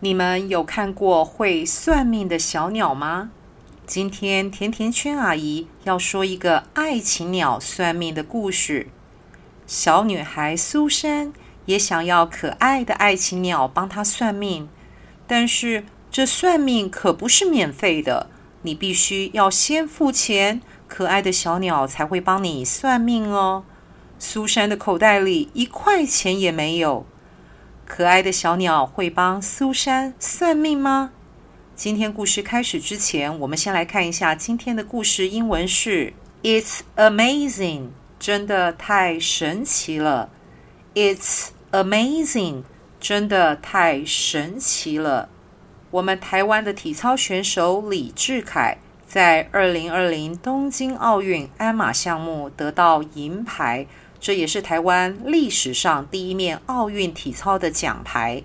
你們有看過會算命的小鳥嗎？今天甜甜圈阿姨要說一個愛情鳥算命的故事。小女孩蘇珊也想要可愛的愛情鳥幫她算命，但是這算命可不是免費的，你必須要先付錢，可愛的小鳥才會幫你算命哦。蘇珊的口袋裡一塊錢也沒有。可愛的小鳥會幫蘇珊算命嗎？今天故事開始之前，我們先來看一下今天的故事英文是 It's amazing，真的太神奇了。It's amazing，真的太神奇了。我們台灣的體操選手李智凱在二零二零東京奧運鞍馬項目得到銀牌。這也是台灣歷史上第一面奧運體操的獎牌。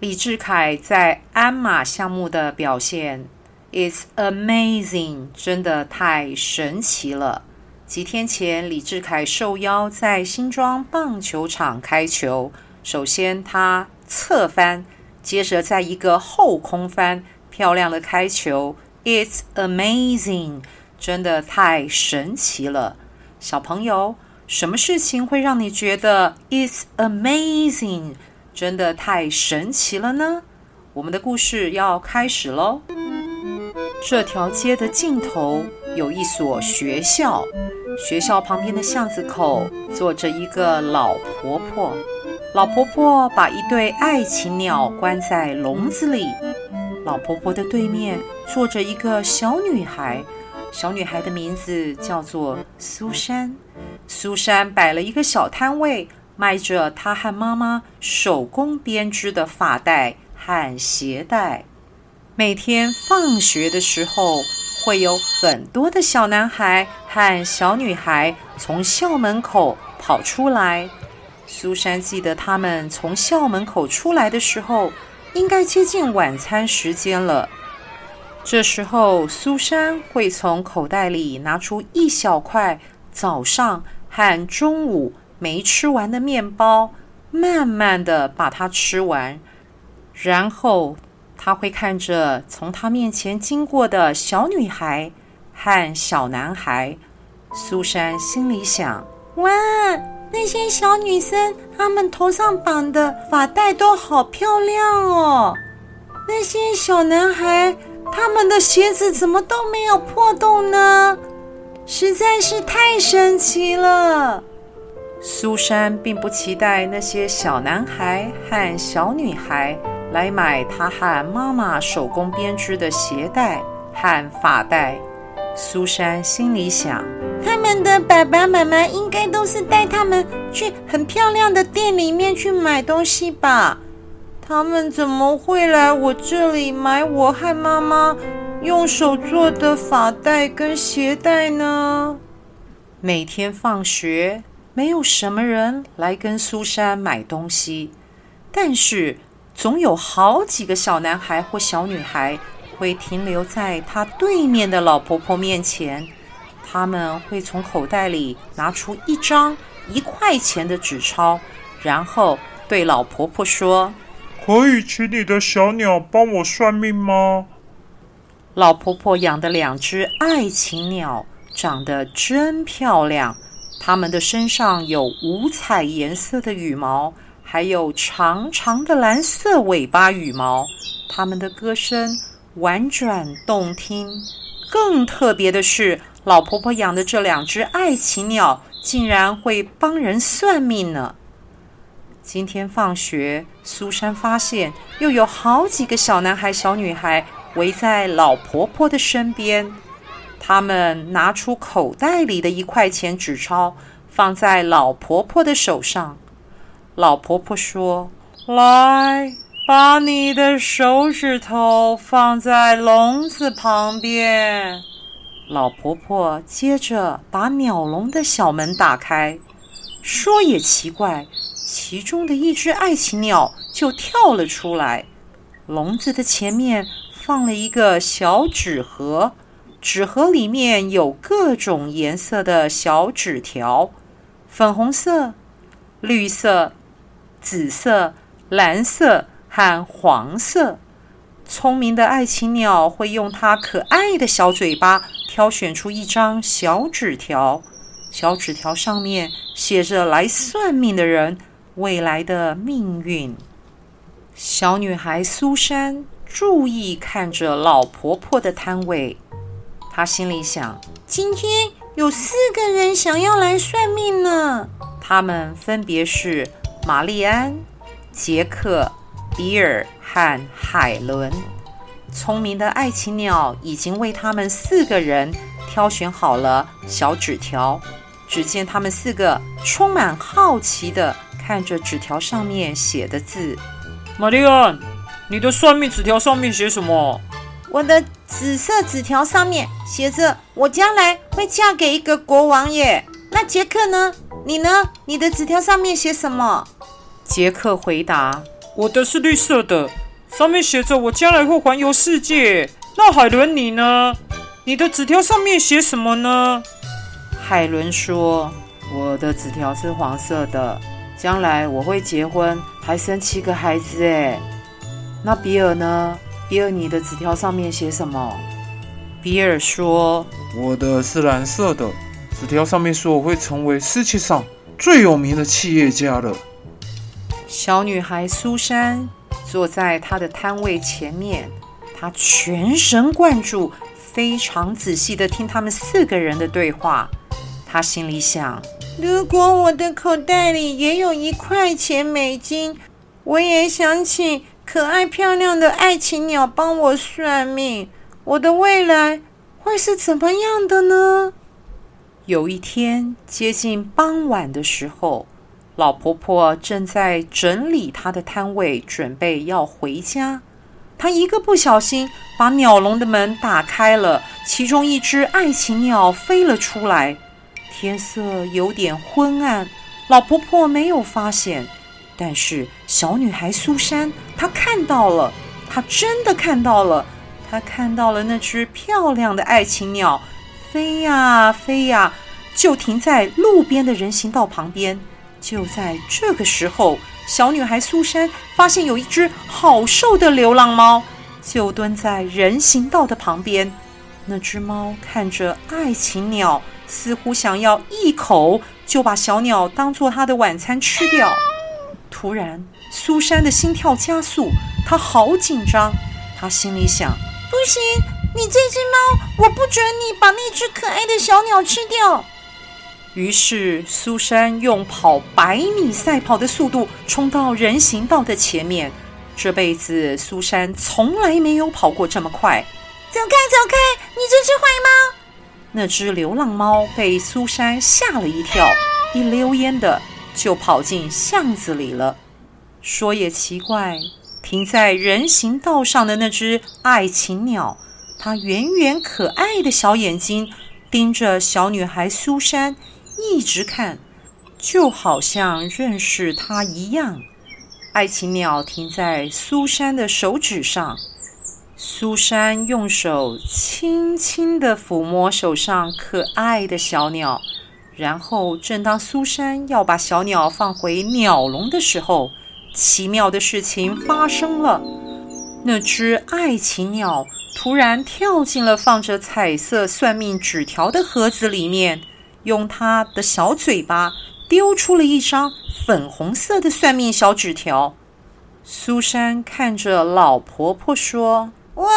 李智凱在鞍馬項目的表現 It's amazing，真的太神奇了。幾天前，李智凱受邀在新莊棒球場開球。首先他側翻，接着在一個後空翻，漂亮的開球。It's amazing，真的太神奇了，小朋友。什麼事情會讓你覺得 It's amazing？真的太神奇了呢！我們的故事要開始嘍。這條街的盡頭有一所學校，學校旁邊的巷子口坐着一個老婆婆。老婆婆把一對愛情鳥關在籠子裡。老婆婆的對面坐着一個小女孩，小女孩的名字叫做蘇珊。蘇珊擺了一個小攤位，賣着她和媽媽手工編織的髮帶和鞋帶。每天放學的時候，會有很多的小男孩和小女孩從校門口跑出來。蘇珊記得，他們從校門口出來的時候，應該接近晚餐時間了。這時候，蘇珊會從口袋裡拿出一小塊。早上和中午沒吃完的麵包，慢慢的把它吃完。然後他會看着從他面前經過的小女孩和小男孩。蘇珊心裡想：哇，那些小女生，她們頭上綁的髮帶都好漂亮哦。那些小男孩，他們的鞋子怎麼都沒有破洞呢？實在是太神奇了！蘇珊並不期待那些小男孩和小女孩來買她和媽媽手工編織的鞋帶和髮帶。蘇珊心裡想，他們的爸爸媽媽應該都是帶他們去很漂亮的店裡面去買東西吧？他們怎麼會來我這裡買我和媽媽用手做的髮帶跟鞋帶呢？每天放學，沒有什麼人來跟蘇珊買東西，但是總有好幾個小男孩或小女孩會停留在她對面的老婆婆面前。他們會從口袋裡拿出一張一塊錢的紙鈔，然後對老婆婆說：“可以請你的小鳥幫我算命嗎？”老婆婆養的兩隻愛情鳥長得真漂亮，它們的身上有五彩顏色的羽毛，還有長長的藍色尾巴羽毛。它們的歌聲婉轉動聽。更特別的是，老婆婆養的這兩隻愛情鳥竟然會幫人算命呢。今天放學，蘇珊發現又有好幾個小男孩、小女孩。圍在老婆婆的身邊，他們拿出口袋裡的一塊錢紙鈔，放在老婆婆的手上。老婆婆說：“來，把你的手指頭放在籠子旁邊。”老婆婆接着把鳥籠的小門打開，說也奇怪，其中的一隻愛情鳥就跳了出來，籠子的前面。放了一個小紙盒，紙盒裡面有各種顏色的小紙條，粉紅色、綠色、紫色、藍色和黃色。聰明的愛情鳥會用它可愛的小嘴巴挑選出一張小紙條，小紙條上面寫着來算命的人未來的命運。小女孩蘇珊。注意看着老婆婆的攤位，他心裡想：今天有四個人想要來算命呢。他們分別是瑪麗安、杰克、比爾和海倫。聰明的愛情鳥已經為他們四個人挑選好了小紙條。只見他們四個充滿好奇的看着紙條上面寫的字：瑪麗安。你的算命紙條上面寫什麼？我的紫色紙條上面寫着，我將來會嫁給一個國王耶。那傑克呢？你呢？你的紙條上面寫什麼？杰克回答：我的是綠色的，上面寫着我將來會環遊世界。那海倫你呢？你的紙條上面寫什麼呢？海倫說：我的紙條是黃色的，將來我會結婚，還生七個孩子耶。那比爾呢？比爾，你的紙條上面寫什麼？比爾說：“我的是藍色的，紙條上面說我會成為世界上最有名的企業家了。”小女孩蘇珊坐在她的攤位前面，她全神貫注，非常仔細地聽他們四個人的對話。她心裡想：“如果我的口袋裡也有一塊錢美金，我也想請。”可愛漂亮的愛情鳥幫我算命，我的未來會是怎麼樣的呢？有一天接近傍晚的時候，老婆婆正在整理她的攤位，準備要回家。她一個不小心把鳥籠的門打開了，其中一隻愛情鳥飛了出來。天色有點昏暗，老婆婆沒有發現，但是小女孩蘇珊。他看到了，他真的看到了，他看到了那隻漂亮的愛情鳥，飛呀飛呀，就停在路邊的人行道旁邊。就在這個時候，小女孩蘇珊發現有一隻好瘦的流浪貓，就蹲在人行道的旁邊。那隻貓看着愛情鳥，似乎想要一口就把小鳥當做它的晚餐吃掉。突然，蘇珊的心跳加速，她好緊張。她心裡想：“不行，你這隻貓，我不准你把那隻可愛的小鳥吃掉。”於是，蘇珊用跑百米賽跑的速度衝到人行道的前面。這輩子，蘇珊從來沒有跑過這麼快。走開，走開，你這隻壞貓！那隻流浪貓被蘇珊嚇了一跳，一溜煙的。就跑進巷子裡了。說也奇怪，停在人行道上的那只愛情鳥，它圓圓可愛的小眼睛盯着小女孩蘇珊一直看，就好像認識她一樣。愛情鳥停在蘇珊的手指上，蘇珊用手輕輕地撫摸手上可愛的小鳥。然後，正當蘇珊要把小鳥放回鳥籠的時候，奇妙的事情發生了。那只愛情鳥突然跳進了放着彩色算命紙條的盒子裡面，用它的小嘴巴丟出了一張粉紅色的算命小紙條。蘇珊看着老婆婆說：“我、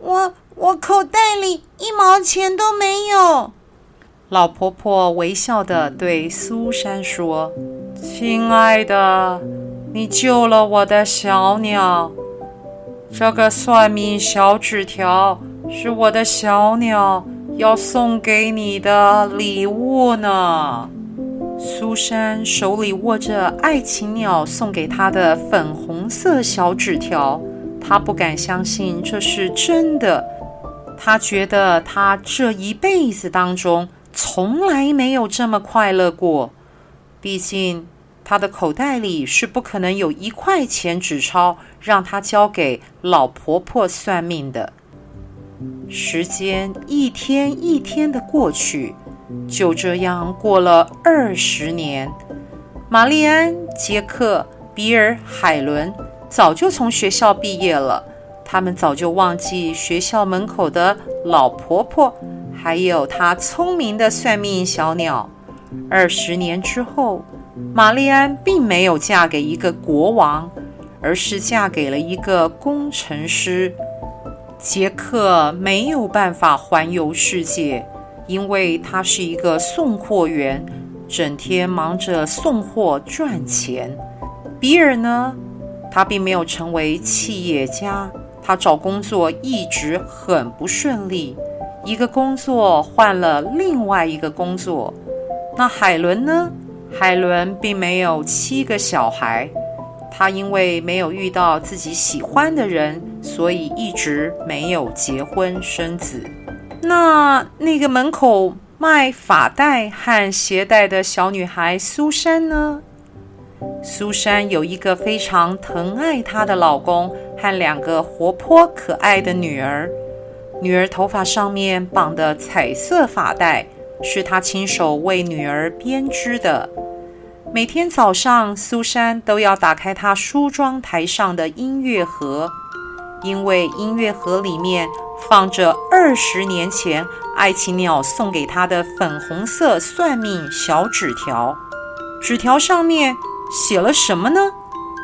我、我口袋裡一毛錢都沒有。”老婆婆微笑地對蘇珊說：“親愛的，你救了我的小鳥。這個算命小紙條是我的小鳥要送給你的禮物呢。”蘇珊手裡握着愛情鳥送給她的粉紅色小紙條，她不敢相信這是真的。她覺得她這一輩子當中……從來沒有這麼快樂過，畢竟他的口袋裡是不可能有一塊錢紙鈔讓他交給老婆婆算命的。時間一天一天的過去，就這樣過了二十年。瑪麗安、傑克、比爾、海倫早就從學校畢業了，他們早就忘記學校門口的老婆婆。還有他聰明的算命小鳥。二十年之後，瑪麗安並沒有嫁給一個國王，而是嫁給了一個工程師。杰克沒有辦法環遊世界，因為他是一個送貨員，整天忙着送貨賺錢。比爾呢？他並沒有成為企業家，他找工作一直很不順利。一個工作換了另外一個工作，那海倫呢？海倫並沒有七個小孩，她因為沒有遇到自己喜歡的人，所以一直沒有結婚生子。那那個門口賣髮帶和鞋帶的小女孩蘇珊呢？蘇珊有一個非常疼愛她的老公和兩個活潑可愛的女兒。女兒頭髮上面綁的彩色髮帶，是她親手為女兒編織的。每天早上，蘇珊都要打開她梳妝台上的音樂盒，因為音樂盒裡面放着二十年前愛情鳥送給她的粉紅色算命小紙條。紙條上面寫了什麼呢？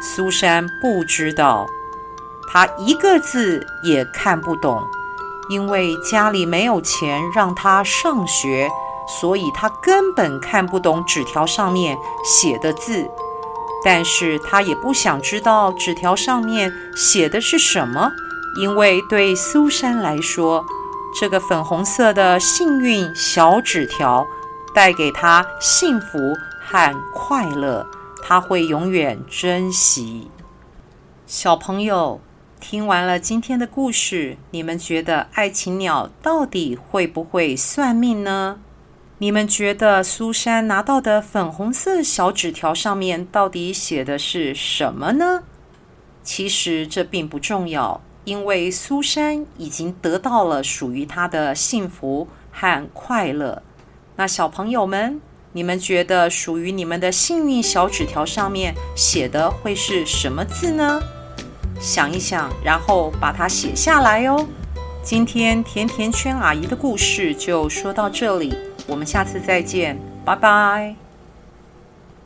蘇珊不知道，她一個字也看不懂。因為家裡沒有錢讓他上學，所以他根本看不懂紙條上面寫的字。但是他也不想知道紙條上面寫的是什麼，因為對蘇珊來說，這個粉紅色的幸運小紙條帶給他幸福和快樂，他會永遠珍惜。小朋友。聽完了今天的故事，你們覺得愛情鳥到底會不會算命呢？你們覺得蘇珊拿到的粉紅色小紙條上面到底寫的是什麼呢？其實這並不重要，因為蘇珊已經得到了屬於她的幸福和快樂。那小朋友們，你們覺得屬於你們的幸運小紙條上面寫的會是什麼字呢？想一想，然後把它寫下來哦。今天甜甜圈阿姨的故事就說到這裡，我們下次再見，拜拜。